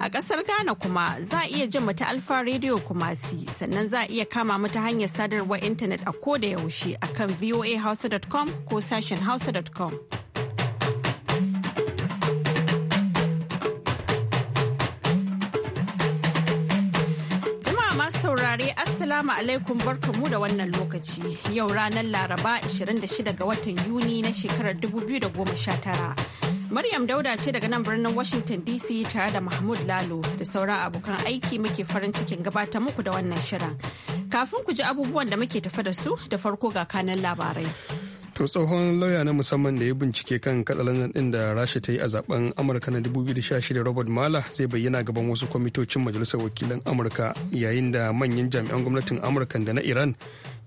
A ƙasar Ghana kuma za a iya jin mu ta Alfa Radio Kumasi sannan za a iya kama mu ta hanyar sadarwar intanet a ko da yaushe kan voahouse.com ko sashen hausa.com. saurare assalamu alaikum barkamu da wannan lokaci yau ranar laraba 26 ga watan yuni na shekarar 2019 Maryam Dauda ce daga nan birnin Washington DC tare da Mahmud Lalo da sauran abokan aiki muke farin cikin gabatar muku da wannan shirin. Kafin ku ji abubuwan da muke tafa da su da farko ga kanan labarai. To tsohon lauya na musamman da ya bincike kan katsalandan din da Rasha ta yi a zaben Amurka na 2016 Robert Mala zai bayyana gaban wasu kwamitocin Majalisar Wakilan Amurka yayin da manyan jami'an gwamnatin Amurka da na Iran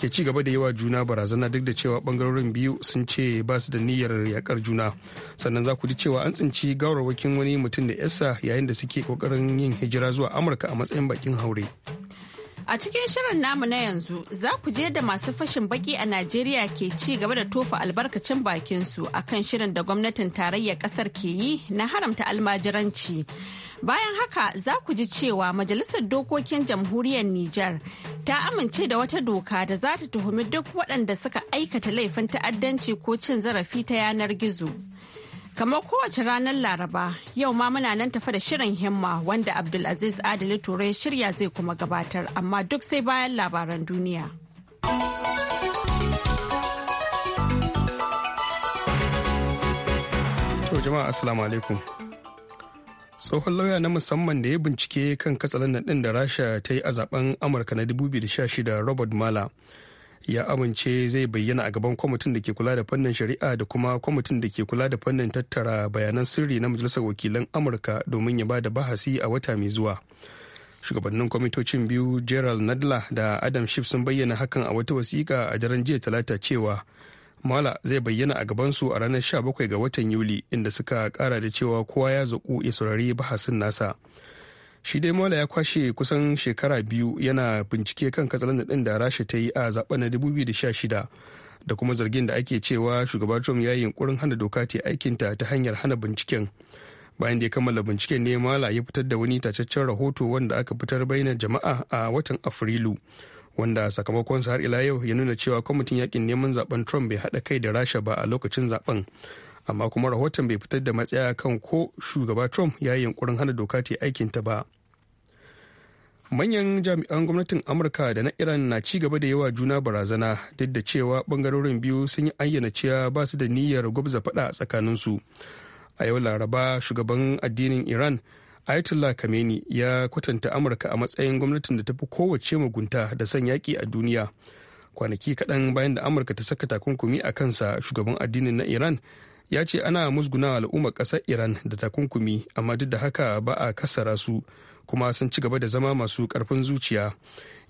ke ci gaba da yawa juna barazana duk da cewa bangarorin biyu sun ce ba su da niyyar yakar juna sannan za ku ji cewa an tsinci gawarwakin wani mutum da yasa yayin da suke kokarin yin hijira zuwa amurka a matsayin bakin haure A cikin shirin namu na yanzu za ku je da masu fashin baki a Najeriya ke ci gaba da tofa albarkacin bakinsu a kan shirin da gwamnatin tarayyar ƙasar ke yi na haramta almajiranci. Bayan haka za ku ji cewa Majalisar Dokokin Jamhuriyar Nijar ta amince da wata doka da za ta tuhumi duk waɗanda suka aikata laifin ta'addanci ko cin zarafi ta yanar gizo. Kamar kowace ranar Laraba, yau ma muna nan tafa da shirin himma wanda Abdulaziz Adali Ture shirya zai kuma gabatar, amma duk sai bayan labaran duniya. To jama'a assalamu alaikum. Tsohon lauya na musamman da ya bincike kan katsalandan ɗin da Rasha ta yi a zaben Amurka na 2016 Robert Mala. ya amince zai bayyana a gaban kwamitin da ke kula da fannin shari'a da kuma kwamitin da ke kula da fannin tattara bayanan sirri na majalisar wakilan amurka domin ya ba da bahasi a wata mai zuwa shugabannin kwamitocin biyu gerald nadler da adam schiff sun bayyana hakan a wata wasiƙa a daren jiya talata cewa mala zai bayyana a gaban su a ranar 17 ga watan yuli inda suka kara da cewa kowa ya zaƙu ya saurari bahasin nasa shi dai mola ya kwashe kusan shekara biyu yana bincike kan katsalandar ɗin da rasha ta yi a zaben na 2016 da kuma zargin da ake cewa shugaba trump ya yi yunkurin hana doka ta aikinta ta hanyar hana binciken bayan da ya kammala binciken ne mola ya fitar da wani tacaccen rahoto wanda aka fitar bayanan jama'a a watan afrilu wanda sakamakonsa har ila yau ya nuna cewa kwamitin yakin neman zaben trump bai haɗa kai da rasha ba a lokacin zaben amma kuma rahoton bai fitar da matsaya kan ko shugaba trump ya yi yunkurin hana doka ta aikinta ba manyan jami'an gwamnatin amurka da na iran na ci gaba da yawa juna barazana duk da cewa bangarorin biyu sun yi ayyana cewa ba su da niyyar gwabza faɗa a tsakanin su a yau laraba shugaban addinin iran ayatollah kameni ya kwatanta amurka a matsayin gwamnatin da tafi kowace mugunta da son yaki a duniya kwanaki kaɗan bayan da amurka ta saka takunkumi a kansa shugaban addinin na iran ya ce ana musguna al'ummar ƙasar iran da takunkumi amma duk da haka ba a kassara su kuma sun ci gaba da zama masu ƙarfin zuciya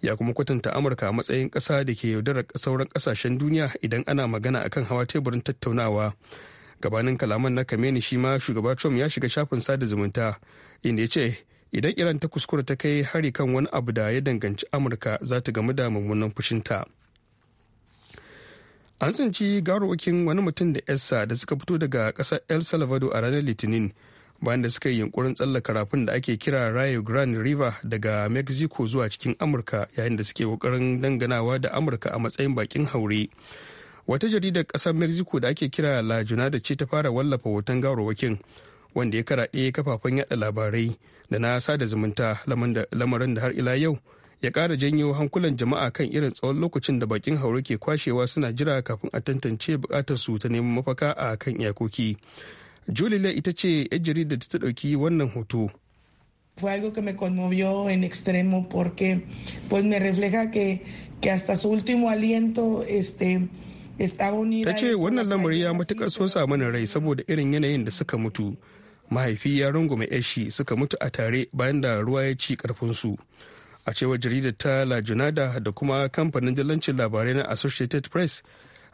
ya kuma kwatanta amurka a matsayin ƙasa da ke yaudarar sauran ƙasashen duniya idan ana magana akan hawa teburin tattaunawa gabanin kalaman na kameni shi ma shugaba trump ya shiga shafin sada zumunta inda ya ce idan iran ta kuskura ta kai hari kan wani abu da ya danganci amurka za ta gamu da mummunan fushinta. an tsinci garowakin wani mutum da yarsa da suka fito daga ƙasar el salvador a ranar litinin bayan da suka yi yunkurin tsallaka rafin da ake kira rio grande river daga mexico zuwa cikin amurka yayin da suke kokarin danganawa da amurka a matsayin bakin haure wata jaridar kasar mexico da ake kira la junada ce ta fara wallafa hoton garowakin wanda ya karaɗe kafafen yada labarai da na sada zumunta lamarin da har ila yau ya kara janyo hankulan jama'a kan irin tsawon lokacin da bakin haure ke kwashewa suna jira kafin a tantance bukatar su ta neman mafaka a kan iyakoki. Julie ita ce 'yar jarida ta ɗauki wannan hoto. Fue algo ta ce wannan lamari ya matuƙar so mana rai saboda irin yanayin da suka mutu mahaifi ya rungume yashi suka mutu a tare bayan da ruwa ya ci karfinsu a cewar jaridar ta la junada da kuma kamfanin dillancin labarai na associated press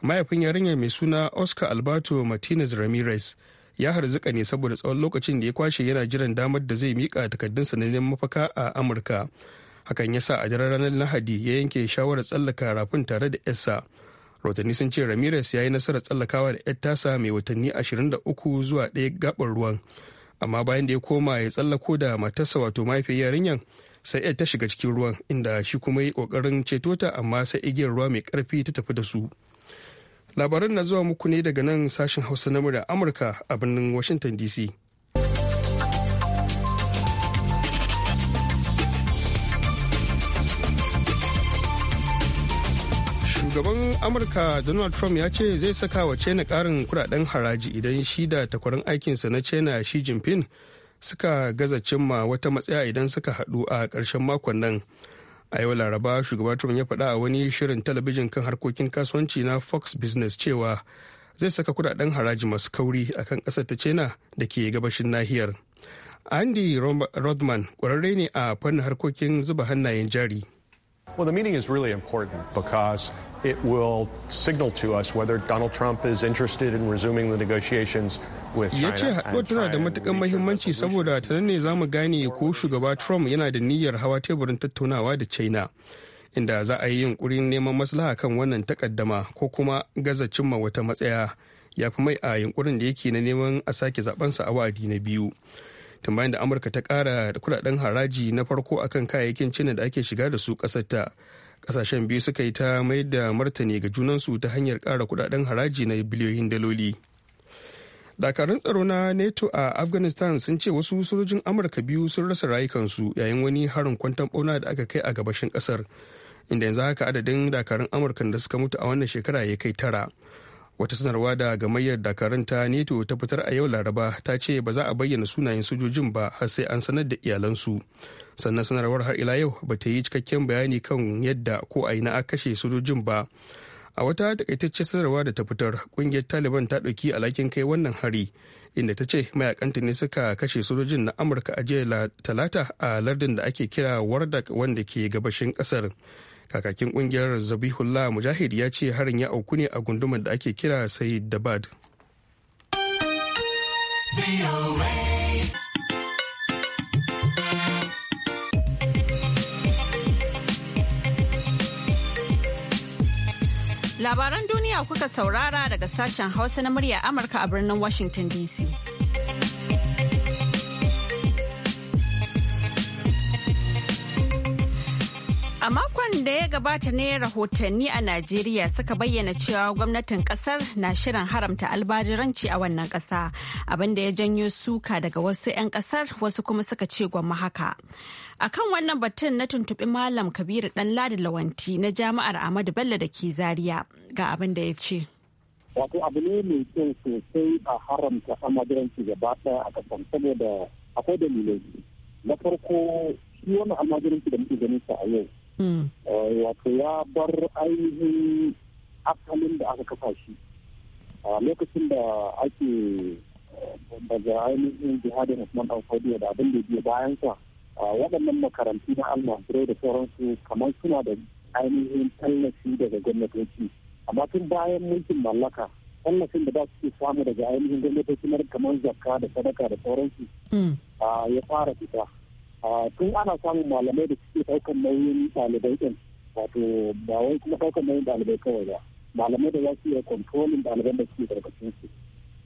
mahaifin yarinya mai suna oscar alberto martinez ramirez ya harzuka ne saboda tsawon lokacin da ya kwashe yana jiran damar da zai mika takardunsa na neman mafaka a amurka hakan ya sa a daren ranar lahadi ya yanke shawarar tsallaka rafin tare da yarsa watanni sun ce ramirez ya yi nasarar tsallakawa da yar tasa mai watanni 23 zuwa ɗaya gabar ruwan amma bayan da ya koma ya tsallako da matarsa wato mahaifiyar yarinyar sai ta shiga cikin ruwan inda shi kuma yi kokarin ceto ta amma sai igiyar ruwa mai karfi ta tafi da su labaran na zuwa muku ne daga nan sashen hausa na murya amurka a birnin washington dc shugaban amurka donald trump ya ce zai saka wa china karin kudaden haraji idan shi da takwarar aikinsa na china shi jinping suka gaza cimma wata matsaya idan suka haɗu a ƙarshen makon nan a yau laraba shugaba trump ya faɗa a wani shirin talabijin kan harkokin kasuwanci na fox business cewa zai saka kudaden haraji masu kauri a kan ƙasar ta china da ke gabashin nahiyar andy rothman ƙwararre ne a fannin harkokin zuba hannayen jari Well, the meeting is really important because it will signal to us whether Donald Trump is interested in resuming the negotiations with China. Ya ce haɗuwar tana da matuƙar mahimmanci saboda ta ne za mu gane ko shugaba Trump yana da niyyar hawa teburin tattaunawa da China. Inda za a yi neman maslaha kan wannan takaddama ko kuma gaza cimma wata matsaya ya fi mai a da yake na neman a sake a wa'adi na biyu. tun bayan da amurka ta kara da kudaden haraji na farko akan kayayyakin cinin da ake shiga da su kasarta kasashen biyu suka yi ta mai da martani ga junansu ta hanyar kara kudaden haraji na biliyoyin daloli dakarun tsaro na neto a afghanistan sun ce wasu sojojin amurka biyu sun rasa rayukansu yayin wani harin kwanton bauna da aka kai a gabashin kasar inda yanzu haka adadin dakarun amurka da suka mutu a wannan shekara ya kai tara wata sanarwa da gamayyar dakarun ta neto ta fitar a yau laraba ta ce ba za a bayyana sunayen sojojin ba har sai an sanar da iyalansu sannan sanarwar har ila yau ba ta yi cikakken bayani kan yadda ko a ina a kashe sojojin ba a wata takaitacce sanarwa da ta fitar kungiyar taliban ta ɗauki alhakin kai wannan hari inda ta ce mayakanta ne suka kashe sojojin na amurka a jiya talata a lardin da ake kira wardak wanda ke gabashin kasar kakakin kungiyar zabihullah mujahid ya ce harin ya auku ne a gundumar da ake kira sayid dabad labaran duniya kuka saurara daga sashen hausa na murya amurka a birnin washington dc makon da ya gabata ne rahotanni a Najeriya suka bayyana cewa gwamnatin kasar na shirin haramta albajiranci a wannan kasa abinda ya janyo suka daga wasu 'yan kasar wasu kuma suka ce gwamma haka. Akan wannan batun na tuntuɓi Malam Kabiru ɗan Ladi Lawanti na Jami'ar Ahmadu Bello da ke Zaria ga abin da ya ce. Wato abu ne mai kyau sosai a haramta albajiranci gaba ɗaya a kasan saboda akwai dalilai. Na farko shi wannan almajiranci da muke ganin sa a yau hmm. eh, wato ya bar ainihin asalin da aka kafa shi a lokacin da ake eh, daga ainihin jihadin Usman Alfadiya da abin da biya bayan sa waɗannan makarantu na almajirai da sauransu kamar suna da ainihin tallafi daga gwamnatoci amma tun bayan mulkin mallaka tallafin da ba su ke samu daga ainihin gwamnatoci kamar zakka da sadaka da sauransu hmm. ya fara fita tun ana samun malamai da suke ɗaukar nauyin ɗalibai ɗin wato ba wai kuma ɗaukar nauyin ɗalibai kawai ba malamai da za su iya kontrolin ɗaliban da suke ƙarƙashin su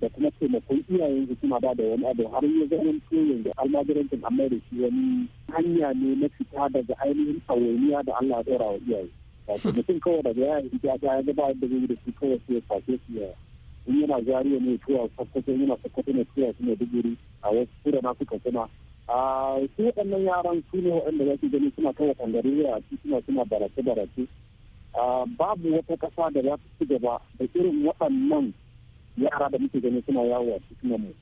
da kuma taimakon iyayen su suna bada da wani abu har ya da yanzu almajirancin amma da shi wani hanya ne na fita daga ainihin tsawoniya da Allah ya tsorawa iyaye wato mutum kawai daga ya yi ya ga ba yadda zai da shi kawai sai ya face su ya in yana zariya ne tuwa sakkwato yana sakkwato ne tuwa su ne digiri a wasu kura na suka kuma a su waɗannan yaran su ne waɗanda za su gani suna kai waɗanda a suna suna barace barace babu wata ƙasa da za su ci gaba da irin waɗannan yara da muke gani suna yawo a cikin mu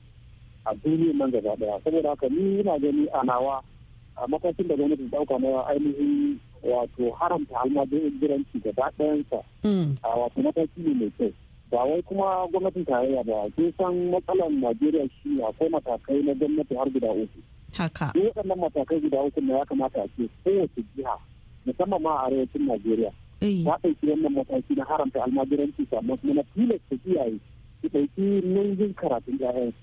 a duniyar nan gaba ɗaya saboda haka ni ina gani a nawa a matakin da gwamnati ta dauka na ainihin wato haramta giranci gaba ɗayansa mm. a wato mataki ne mai kyau ba wai kuma gwamnatin tarayya ba kin san matsalar najeriya shi akwai matakai na gwamnati har guda uku Haka. Duk waɗannan matakai guda uku ne ya kamata a ce kowace jiha musamman ma a arewacin Najeriya. Ta ɗauki wannan mataki na haramta almajiranci sannan kuma na tilasta kiyaye su ɗauki nauyin karatun 'ya'yansu.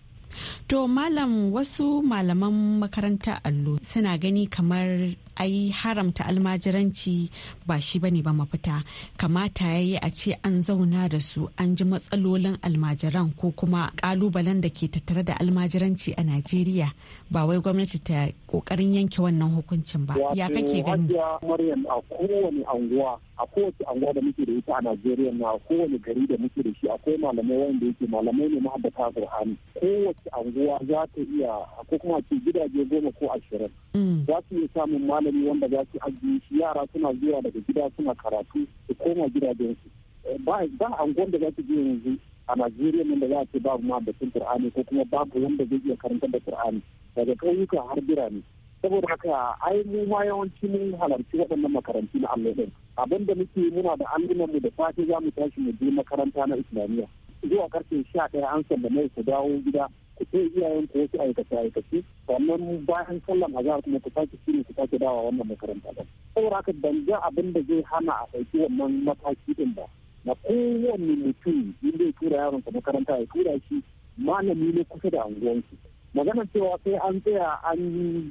To malam wasu malaman makaranta allo suna gani kamar ai haramta almajiranci ba shi bane ba mafita kamata ya yi a ce an zauna da su an ji matsalolin almajiran ko kuma kalubalen da ke tattare da almajiranci a najeriya ba wai gwamnati ta kokarin yanke wannan hukuncin ba ya kake gani maryam a kowane anguwa a kowace anguwa da muke da ita a najeriya na kowane gari da muke da shi akwai malamai wanda yake malamai ne mahabbata qur'ani kowace kowace anguwa za ta iya ko kuma ce gidaje goma ko ashirin mm. za su iya samun malami wanda za su ajiye shi yara suna zuwa daga gida suna karatu su koma gidajensu eh, ba anguwan da za su je yanzu a najeriya nan da za ce babu ma sun ko kuma babu wanda zai iya karantar da qur'ani daga ƙauyuka har birane saboda haka ai mu ma yawanci mun halarci waɗannan makarantu na allah ɗin abin da muke muna da allunan mu da fati za mu tashi mu je makaranta na islamiyya zuwa karfe sha ɗaya an sallame su dawo gida ku ce iyayen ku wasu aikace aikace sannan bayan sallan azhar kuma ku sake shiri ku sake dawa wannan makaranta ɗin saboda haka ban ga abin da zai hana a ɗauki wannan mataki din ba na kowanne mutum in zai tura yaron sa makaranta ya tura shi malami ne kusa da anguwansu magana cewa sai an tsaya an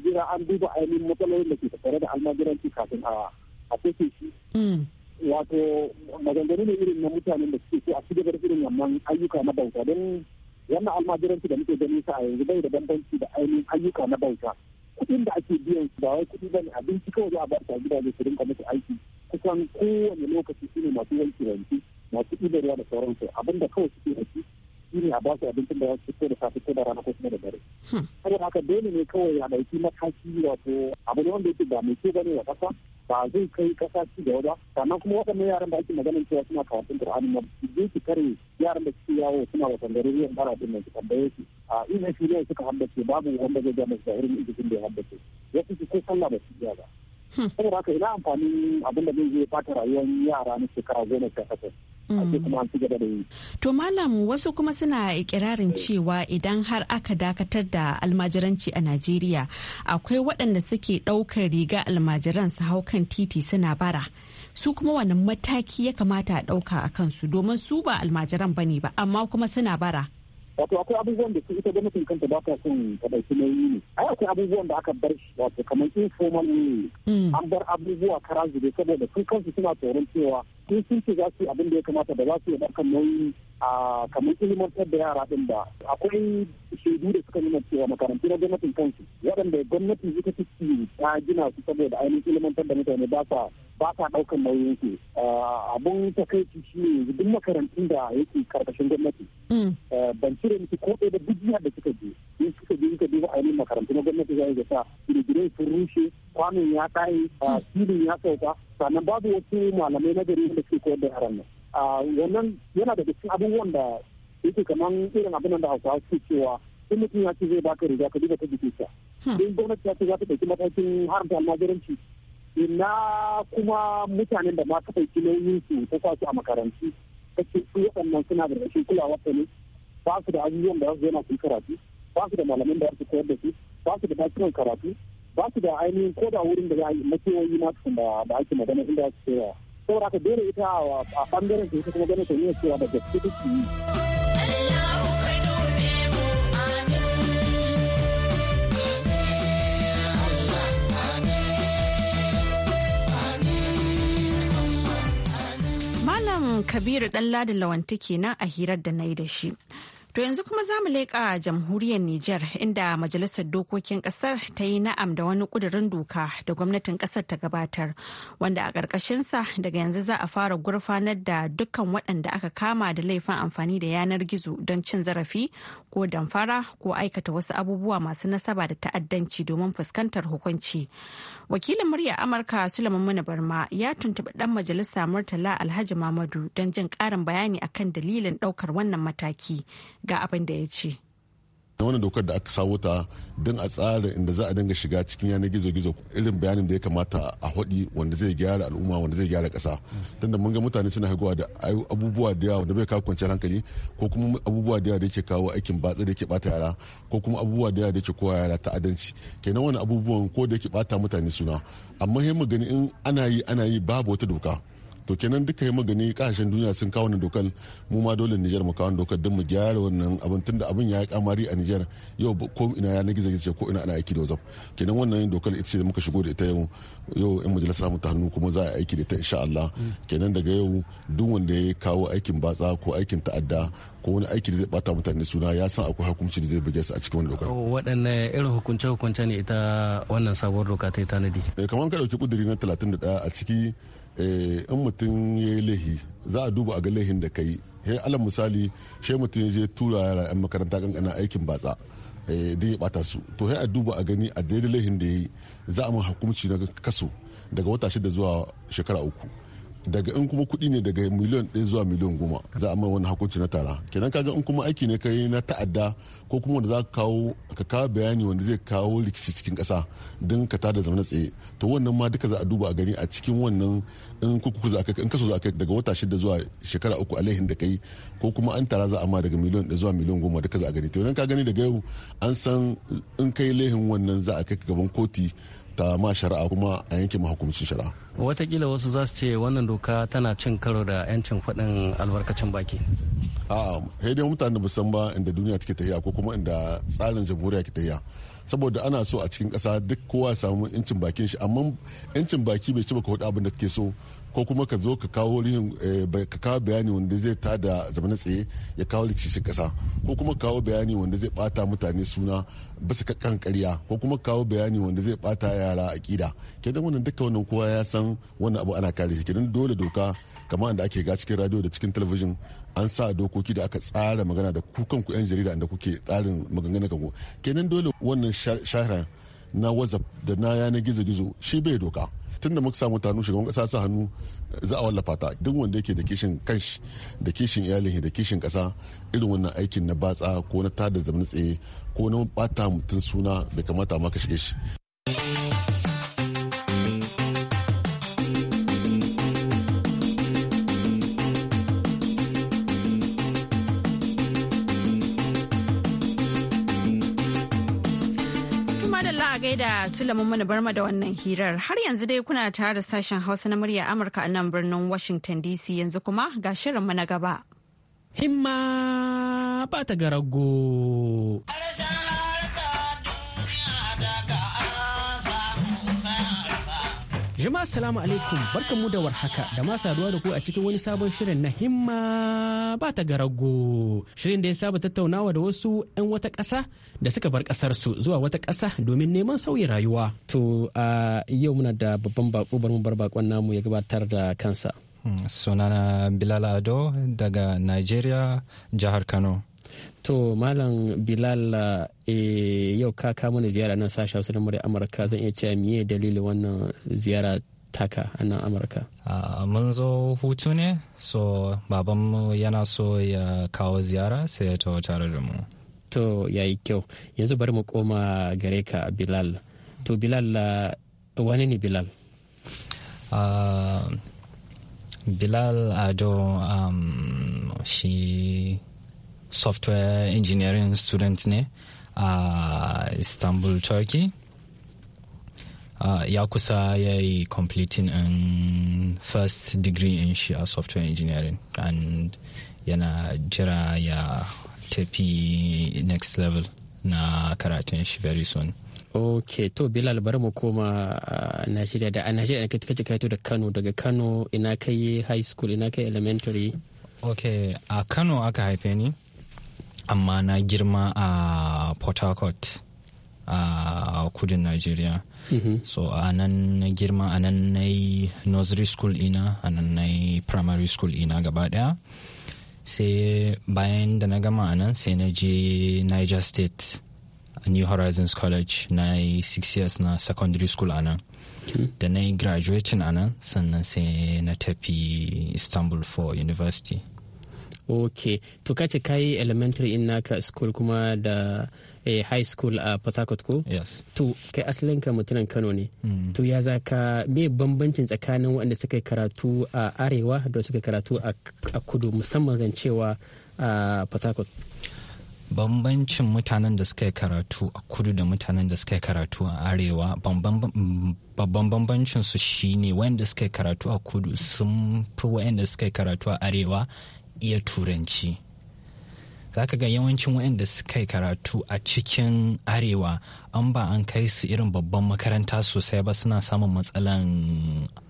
jira an duba ainihin matsalolin da ke tattare da almajiranci kafin a a sake shi hmm. wato maganganu ne irin na mutanen da suke so a ci da irin wannan ayyuka na bauta don wannan almajiranci da muke ganin sa a yanzu bai da bambanci da ainihin ayyuka na bauta kuɗin da ake biyan ba wai kuɗi bane abinci kawai za a ba ta gidaje su rinka musu aiki kusan kowane lokaci shine masu wanki wanki masu ibarwa da sauransu abinda kawai suke da shi shine a ba su abincin da za su fito da safe ko da rana ko kuma da dare hmm. saboda haka dole ne kawai a ɗauki mataki wato abu ne wanda yake ba mai ce bane wa ƙasa ba zai kai kasa ci gaba ba sannan kuma waɗannan yaran da ake maganin cewa suna karatun Qur'ani ma je ki kare yaran da suke yawo suna wasan gari ruwan bara din nan ki tambaye su a ina shi ne suka haddace babu wanda zai ga da irin ilimin da ya haddace wasu su ko sallah ba su iya ba ba ka ina amfani abin da zai yi fata rayuwar yara na shekara goma sha takwas To malam wasu kuma suna ikirarin cewa idan har aka dakatar da almajiranci a Najeriya akwai waɗanda suke ɗaukar riga almajiran su hau kan titi suna bara. Su kuma wani mataki ya kamata a ɗauka a kansu domin su ba almajiran bane ba amma kuma suna bara. wato akwai abubuwan da su ita gwamnatin kanta ba ta son ta ɗauki nauyi ne ai akwai abubuwan da aka bar shi wato kamar informal ne hmm. an bar abubuwa kara zube saboda sun kansu suna tsoron cewa sun sun ce za su yi abin da ya kamata da za su yi ɗaukar nauyi a kamar ilimantar da yara ɗin ba akwai shaidu da suka nuna cewa makarantu na gwamnatin kansu waɗanda gwamnati ita ci ta gina su saboda ainihin ilimantar da mutane ba sa ba sa ɗaukar nauyin su abun takaici shi ne duk makarantun da yake karkashin gwamnati mm. ban cire musu ko ɗaya da duk da suka je in suka je suka duba ainihin makarantu na gwamnati za ga sa gidan sun rushe kwanon ya tayi filin ya sauka sannan babu wasu malamai na gari da suke koyar da yaran nan wannan yana da cikin abubuwan da yake kamar irin abin da hausawa suke cewa in mutum ya ce zai baka riga ka duba ta jiki sa hmm. in gwamnati ya ce za ta ɗauki matakin haramta almajiranci ina kuma mutanen da ma ka ɗauki nauyin su ta sa su a makarantu ta ce su waɗannan suna da rashin kulawa ta ne ba su da abubuwan da za su zauna su karatu ba su da malamin da za su koyar da su ba su da bakinan karatu ba su da ainihin ko da wurin da za a yi na masu da ake magana inda su cewa saboda aka dole ita a bangaren su kuma ganin ta ne cewa da gaske take yi Malam Kabiru ɗan ladin lawanta kenan a hirar da na yi da shi. To yanzu kuma za mu leƙa jamhuriyar Nijar inda majalisar dokokin ƙasar ta yi na'am da wani ƙudurin doka da gwamnatin ƙasar ta gabatar wanda a ƙarƙashinsa daga yanzu za a fara gurfanar da dukkan waɗanda aka kama da laifin amfani da yanar gizo don cin zarafi ko damfara ko aikata wasu abubuwa masu nasaba da ta'addanci domin fuskantar hukunci. Wakilin murya Amurka Sulaiman Muna Barma ya tuntuɓi ɗan majalisa Murtala Alhaji Mamadu don jin ƙarin bayani akan dalilin ɗaukar wannan mataki. ga abin da ya ce. wannan dokar da aka sawo ta don a tsara inda za a dinga shiga cikin yanar gizo-gizo irin bayanin da ya kamata a hudi wanda zai gyara al'umma wanda zai gyara kasa tunda mun ga mutane suna haihuwa da abubuwa da yawa da bai kawo kwanciyar hankali ko kuma abubuwa da yawa da yake kawo aikin batsa da yake bata yara ko kuma abubuwa da yawa da yake kowa yara ta'addanci kenan wani abubuwan ko da yake bata mutane suna amma mu gani in ana yi ana yi babu wata doka to kenan duka yi magani kasashen duniya sun kawo wannan dokar mu ma dole Nijar mu kawo dokar don mu gyara wannan abin tunda abin ya yi kamari a Nijar yau ko ina ya gizo gizo ko ina ana aiki da wazam kenan wannan dokar ita ce muka shigo da ita yau yau mu majalisa mu ta hannu kuma za a aiki da ita insha Allah mm. kenan daga yau duk wanda ya kawo aikin batsa ko aikin ta'adda ko wani aiki da zai bata mutane suna ya san akwai hukunci da zai buge su a cikin wannan dokar. waɗanne irin hukunce hukunce ne ita wannan sabuwar doka ta yi tanadi. Eh, kamar ka ɗauki ƙuduri na 31 a ciki Eh, in mutum ya yi laihi za a duba a ga laihin da kai he eh, alal misali she mutum ya je tura yara yan makaranta ana aikin batsa eh, da ya bata su to he a duba a gani a daidai laihin da ya yi za a mun hukunci na kaso daga wata shida zuwa shekara uku daga in kuma kuɗi ne daga miliyan ɗaya zuwa miliyan goma za a mai wani hakunci na tara kenan kaga in kuma aiki ne kai na ta'adda ko kuma wanda za ka kawo ka kawo bayani wanda zai kawo rikici cikin ƙasa don ka tada zama tsaye to wannan ma duka za a duba a gani a cikin wannan in kuku za in kaso za kai daga wata shida zuwa shekara uku alaihin da kai ko kuma an tara za a ma daga miliyan ɗaya zuwa miliyan goma duka za a gani to idan ka gani daga yau an san in kai laihin wannan za a kai gaban koti ta ma shari'a kuma a yanke mahukumci shari'a watakila wasu za su ce wannan doka tana cin karo da 'yancin faɗin albarkacin baki a'a sai dai mutane ba san ba inda duniya take tahiya ko kuma inda tsarin jamhuriya ke tahiya saboda ana so a cikin ƙasa duk kowa ya samu yancin bakin shi amma yancin baki bai ci baka hudu abin da kake so ko kuma ka zo ka kawo eh, bayani wanda zai ta tada zaman tsaye ya kawo rikicin kasa ko kuma kawo bayani wanda zai bata mutane suna bisa ka kan karya ko kuma kawo bayani wanda zai bata yara akida kenan wannan duka wannan kowa ya san wannan abu ana kare shi kenan dole doka kamar da ake ga cikin radio da cikin talabijin an sa dokoki da aka tsara magana da ku kanku 'yan jarida da kuke tsarin maganganun kanku kenan dole wannan shahara na whatsapp da na yanar gizo-gizo shi bai doka da muka samu tanu shugaban kasa sa hannu za a wallafa ta duk wanda yake da kishin kanshi da kishin iyalin da kishin kasa irin wannan aikin na batsa ko na tada zaman tsaye ko na bata mutum suna bai kamata ma ka shige shi da sulamun mana barma da wannan hirar. Har yanzu dai kuna tare da sashen Hausa na murya Amurka a nan birnin Washington DC yanzu kuma ga shirinmu na gaba. Himma ba ta garago. Jama'a assalamu alaikum barkanmu da warhaka da ma saduwa da ku a cikin wani sabon shirin na himma ba ta garago. Shirin da ya saba tattaunawa da wasu 'yan wata ƙasa da suka bar ƙasar su zuwa wata ƙasa domin neman sauyin rayuwa. To a yau muna da babban bako bar mu bar bakon namu ya gabatar da kansa. Hmm, sunana Bilal Ado daga Nigeria jihar Kano. To Malam Bilal eh, yau ka kama ni ziyara nan sashen wasu murya Amurka zan iya cewa miye dalilin wannan ziyara taka a nan Amurka. Mun zo hutu ne, so babanmu yana so ya kawo ziyara sai ya taho tare da mu. To yayi kyau. Yanzu bari mu koma gare ka Bilal. To Bilal wani ne Bilal? Bilal Ado shi software engineering student ne a istanbul turkey Uh, ya kusa ya yi completing in first degree in shi a software engineering and yana jira ya tafi next level na karatun shi very soon ok to bilal bar mu koma uh, najeriya da a najeriya da kace kaito da kano daga kano ina kai high school ina kai elementary ok a kano aka haife ni amma na girma a port harcourt a kudin nigeria mm-hmm. so a nan na girma a nan na yi nursery school ina a nan na yi primary school ina gaba daya sai bayan da na gama a nan sai na je niger state new horizons college na yi 6 years na secondary school a nan da na yi graduating a nan sannan sai na tafi istanbul for university ok to kace yi elementary in naka school kuma da eh, high school a uh, port harcourt ko yes to kai asalin ka mutumin kano ne mm. to ya za ka me bambancin tsakanin waɗanda suka karatu a arewa da suka karatu a kudu musamman zan cewa a port harcourt bambancin mutanen da suka karatu a kudu da mutanen da suka karatu a arewa babban bambancin su shine wayanda suka karatu a kudu sun fi wayanda suka karatu a arewa iya turanci za ka ga yawancin waɗanda suka yi karatu a cikin arewa an ba an kai su irin babban makaranta sosai ba suna samun matsalan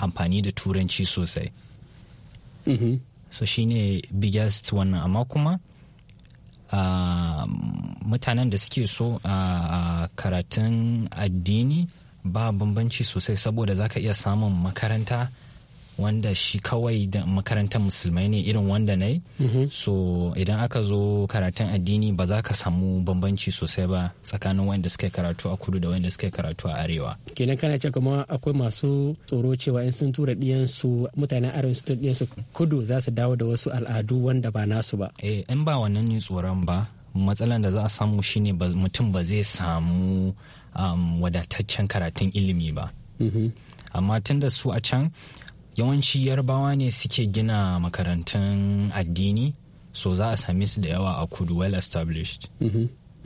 amfani da turanci sosai mm-hmm. so shi ne biggest wannan amma kuma mutanen da suke so a karatun addini ba bambanci sosai saboda zaka iya samun makaranta wanda shi kawai da makarantar musulmai ne irin wanda na yi mhm. so idan aka zo karatun addini ba za ka samu bambanci sosai ba tsakanin wanda suka karatu a kudu da wanda suka karatu a arewa kenan kana ce kuma akwai masu tsoro cewa in sun tura diyansu mutanen arewa su tura diyansu kudu za su dawo da wasu al'adu wanda ba nasu ba eh in ba wannan ni tsoron ba matsalan da za a samu shine mutum ba zai samu um, wadataccen karatun ilimi ba mhm. amma tun da su a can yawanci yarbawa ne suke gina makarantun addini so za a same su da yawa a kudu well established mm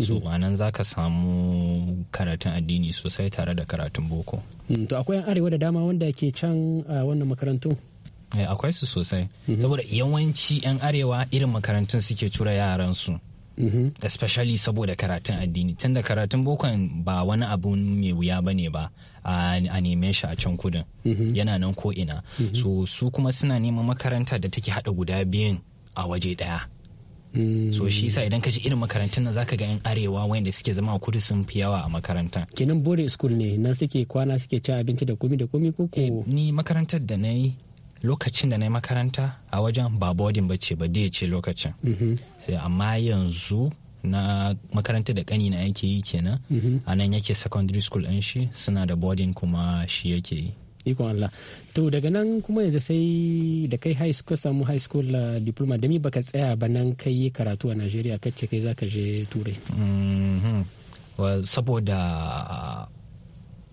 -hmm. so anan za ka samu karatun addini sosai tare da karatun boko mm, to akwai yan arewa da dama wanda ke can a uh, wannan makarantun eh, akwai su sosai mm -hmm. saboda yawanci yan arewa irin makarantun suke tura yaran su Mm -hmm. especially saboda karatun addini tunda karatun bokon ba wani abu mai wuya ba ne ba a neme shi a can kudin mhm. yana nan ko ina mhm. so su kuma suna neman makaranta da take hada guda biyun a waje daya mm. so shi sa idan ka ji irin makarantar nan zaka ga yan arewa wanda suke zama a kudu sun fi yawa a makarantar kenan boarding school ne nan suke kwana suke cin abinci da komi da komi ko ko eh, ni makarantar da na yi lokacin da na yi makaranta a wajen ba boarding ba ce ba dai ce lokacin mhm. sai amma yanzu na makaranta da kanina na yake yi kenan mhm. a nan yake secondary school ɗin shi suna da boarding kuma shi yake yi ikon Allah to daga nan kuma yanzu sai da kai high school samu high school uh, diploma da mi baka tsaya ba nan kai yi karatu a Najeriya kacce kai zaka je turai mhm. saboda uh,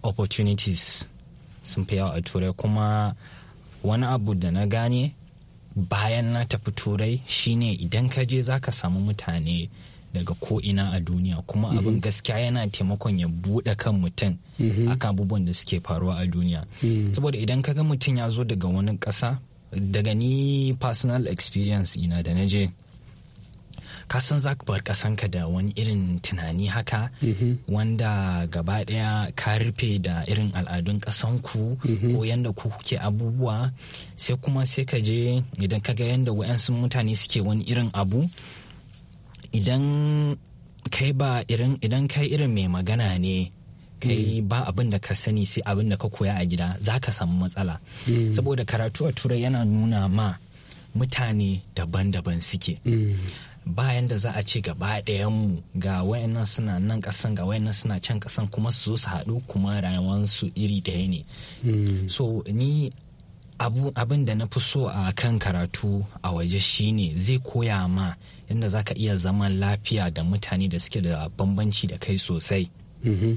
opportunities sun fi yawa a turai kuma wani abu da na gane bayan na tafi turai shine idan ka je zaka samu mutane daga ko'ina a duniya kuma abin mm-hmm. gaskiya yana taimakon ya buɗe kan mutum mm-hmm. akan abubuwan da suke faruwa a duniya mm-hmm. saboda idan ka ga mutum ya zo daga wani ƙasa daga ni personal experience ina da na je ka san za ka bar ƙasanka da wani irin tunani haka wanda gaba ɗaya ka rufe da irin al'adun ƙasanku ko yadda ku kuke abubuwa sai kuma sai ka je idan ka ga yadda wa'yansu mutane suke wani irin abu idan kai ba irin idan kai irin mai magana ne kai mm. ba abin da ka sani sai abin da ka koya a gida za ka samu matsala mm. saboda karatu a turai yana nuna ma mutane daban-daban suke mm. bayan da za a ce gaba mu ga wayannan suna nan ƙasan ga wayannan suna can ƙasan kuma su zo su haɗu kuma rayuwarsu iri ɗaya ne so ni abin da na fi so a kan karatu a waje shine zai koya ma yadda za ka iya zaman lafiya da mutane da suke da bambanci da kai sosai mm-hmm.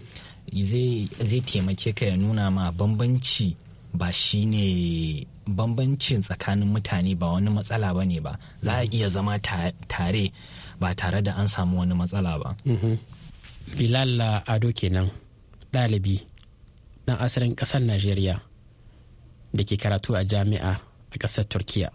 zai taimake ka ya nuna ma bambanci ba shi ne bambancin tsakanin mutane ba wani matsala ba ne ba za a iya zama tare ba tare da an samu wani matsala ba mm-hmm. bilal ado kenan ɗalibi ɗan asirin ƙasar najeriya da ke karatu a jami'a a ƙasar turkiya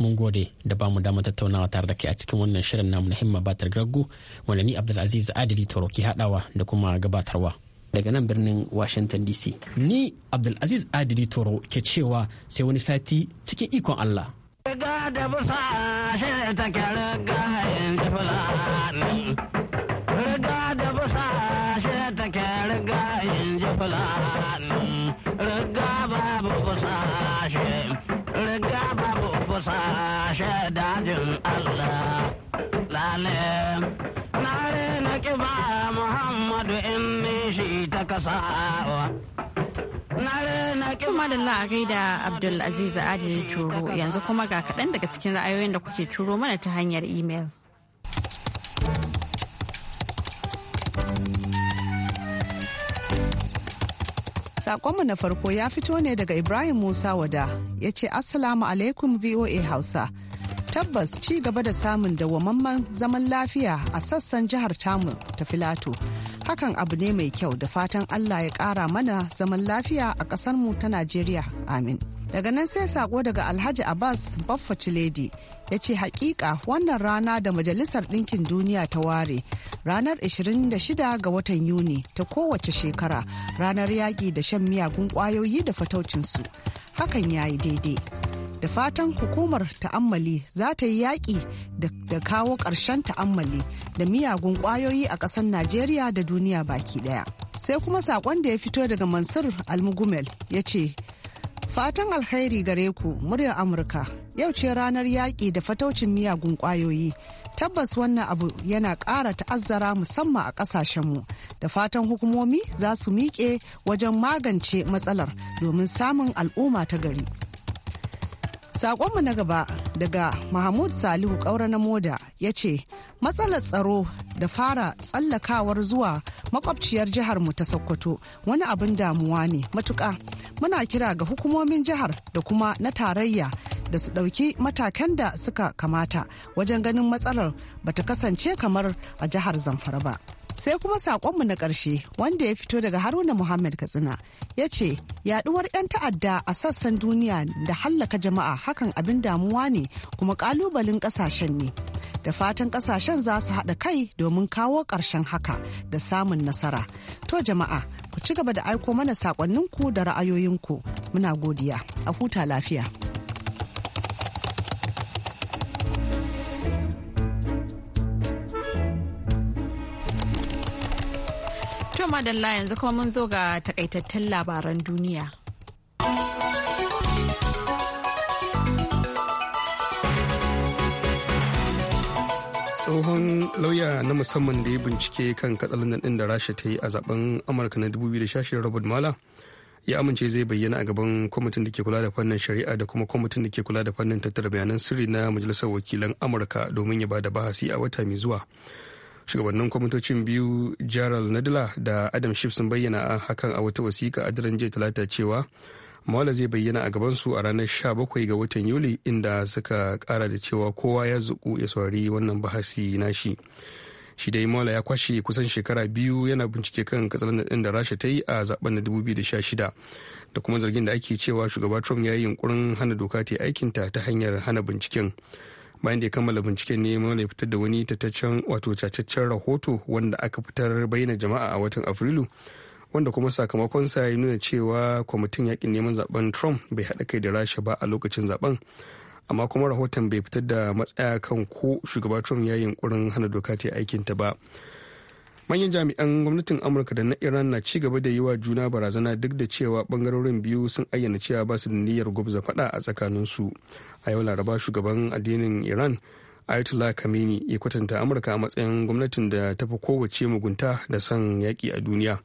mun gode da ba mu damar tattaunawa tare da kai a cikin wannan shirin namu na himma batar gargu wanda ni abdulaziz adili toro ke hadawa da kuma gabatarwa daga nan birnin washington dc ni abdulaziz adili toro ke cewa sai wani sati cikin ikon allah da busa shi ta eh. kuma da la a gaida Abdulaziz Adili Turo yanzu kuma ga kaɗan daga cikin ra'ayoyin da kuke turo mana ta hanyar imel. Sakonmu na farko ya fito ne daga Ibrahim Musa Wada ya ce Assalamu alaikum VOA Hausa. Tabbas ci gaba da samun dawamamman zaman lafiya a sassan jihar tamu ta Filato hakan abu ne mai kyau da fatan allah ya ƙara mana zaman lafiya a ƙasarmu ta najeriya amin daga nan sai sako daga alhaji abbas baffa ciledi ya ce hakika wannan rana da majalisar ɗinkin duniya ta ware ranar 26 ga watan yuni ta kowace shekara ranar yaƙi da shan miyagun ƙwayoyi da fataucinsu hakan ya yi daidai da fatan hukumar ta'ammali za ta yi yaƙi da kawo ƙarshen ta'ammali da miyagun ƙwayoyi a ƙasar najeriya da duniya baki ɗaya sai kuma saƙon da ya fito daga mansur almugumel ya ce fatan alkhairi gare ku muryar amurka yau ce ranar yaƙi da fataucin miyagun ƙwayoyi tabbas wannan abu yana ƙara ta'azzara musamman a ƙasashen mu da fatan hukumomi za su miƙe wajen magance matsalar domin samun al'umma ta gari. saƙonmu na gaba daga Mahmud Salihu Kaura na Moda ya ce, Matsalar tsaro da fara tsallakawar zuwa makwabciyar jiharmu ta Sokoto wani abin damuwa ne matuƙa. Muna kira ga hukumomin jihar da kuma na tarayya da su ɗauki matakan da suka kamata wajen ganin matsalar bata kasance kamar a jihar Zamfara ba. sai kuma saƙonmu na ƙarshe wanda ya fito daga haruna muhammad katsina ya ce yaɗuwar 'yan ta'adda a sassan duniya da hallaka jama'a hakan abin damuwa ne kuma ƙalubalen ƙasashen ne da fatan ƙasashen za su haɗa kai domin kawo ƙarshen haka da samun nasara to jama'a ku ci gaba da aiko mana saƙonninku da ra'ayoyinku muna godiya a huta lafiya madalla yanzu kuma mun zo ga takaitattun labaran duniya. tsohon lauya na musamman da ya bincike kan katsalandan din da rasha ta yi a zaben amurka na 2016 robert mala ya amince zai bayyana a gaban kwamitin da ke kula da fannin shari'a da kuma kwamitin da ke kula da fannin tattara bayanan sirri na majalisar wakilan amurka domin ya ba da bahasi a wata mai zuwa shugabannin kwamitocin biyu jaral nadler da adam shif sun bayyana a hakan a wata wasiƙa a daren jiya talata cewa mawala zai bayyana a gaban su a ranar 17 ga watan yuli inda suka kara da cewa kowa ya zuku ya saurari wannan bahasi nashi shi dai mawala ya kwashe kusan shekara biyu yana bincike kan katsalandar da rasha ta yi a zaben na 2016 da kuma zargin da ake cewa shugaba trump ya yi yunkurin hana doka ta aikinta ta hanyar hana binciken bayan da ya kammala binciken ne ya fitar da wani tattaccen wato cacaccen rahoto wanda aka fitar bayyana jama'a a watan afrilu wanda kuma sakamakonsa ya nuna cewa kwamitin yakin neman zaben trump bai haɗa kai da rasha ba a lokacin zaben amma kuma rahoton bai fitar da matsaya kan ko shugaba trump ya yunkurin hana doka ta aikinta ba manyan jami'an gwamnatin amurka da na iran na ci gaba da yi wa juna barazana duk da cewa bangarorin biyu sun ayyana cewa ba su da niyyar gwabza faɗa a tsakaninsu a yau laraba shugaban addinin iran ayatollah kamini ya kwatanta amurka a matsayin gwamnatin da tafi kowace mugunta da son yaƙi a duniya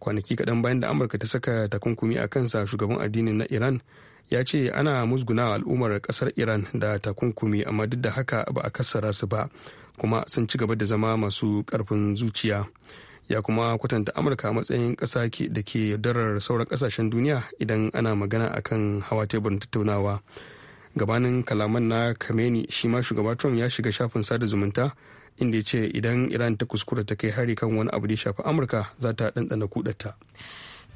kwanaki kaɗan bayan da amurka ta saka takunkumi a kansa shugaban addinin na iran ya ce ana musgunawa al'ummar ƙasar iran da takunkumi amma duk da haka ba a kasa rasu ba kuma sun ci gaba da zama masu ƙarfin zuciya ya kuma kwatanta amurka a matsayin ƙasa da ke yaudarar sauran ƙasashen duniya idan ana magana akan hawa teburin tattaunawa gabanin kalaman na kameni shi ma shugaba trump ya shiga shafin sada zumunta inda ya ce idan iran ta kuskura ta kai hari kan wani abu da ya shafi amurka za ta ɗanɗana kudata.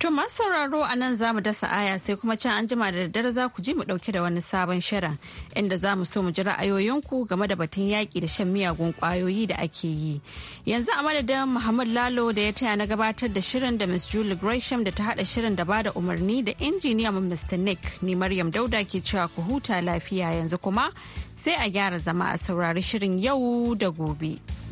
To masu sauraro a nan za mu dasa aya sai kuma can an jima da daddare za ku ji mu dauke da wani sabon shirin inda za mu so mu ji ra'ayoyinku game da batun yaƙi da shan miyagun ƙwayoyi da ake yi. Yanzu a madadin Muhammad Lalo da ya taya na gabatar da shirin da Miss Julie Gresham da ta haɗa shirin da ba da umarni da injiniya mu Mr. Nick ni Maryam Dauda ke cewa ku huta lafiya yanzu kuma sai a gyara zama a saurari shirin yau da gobe.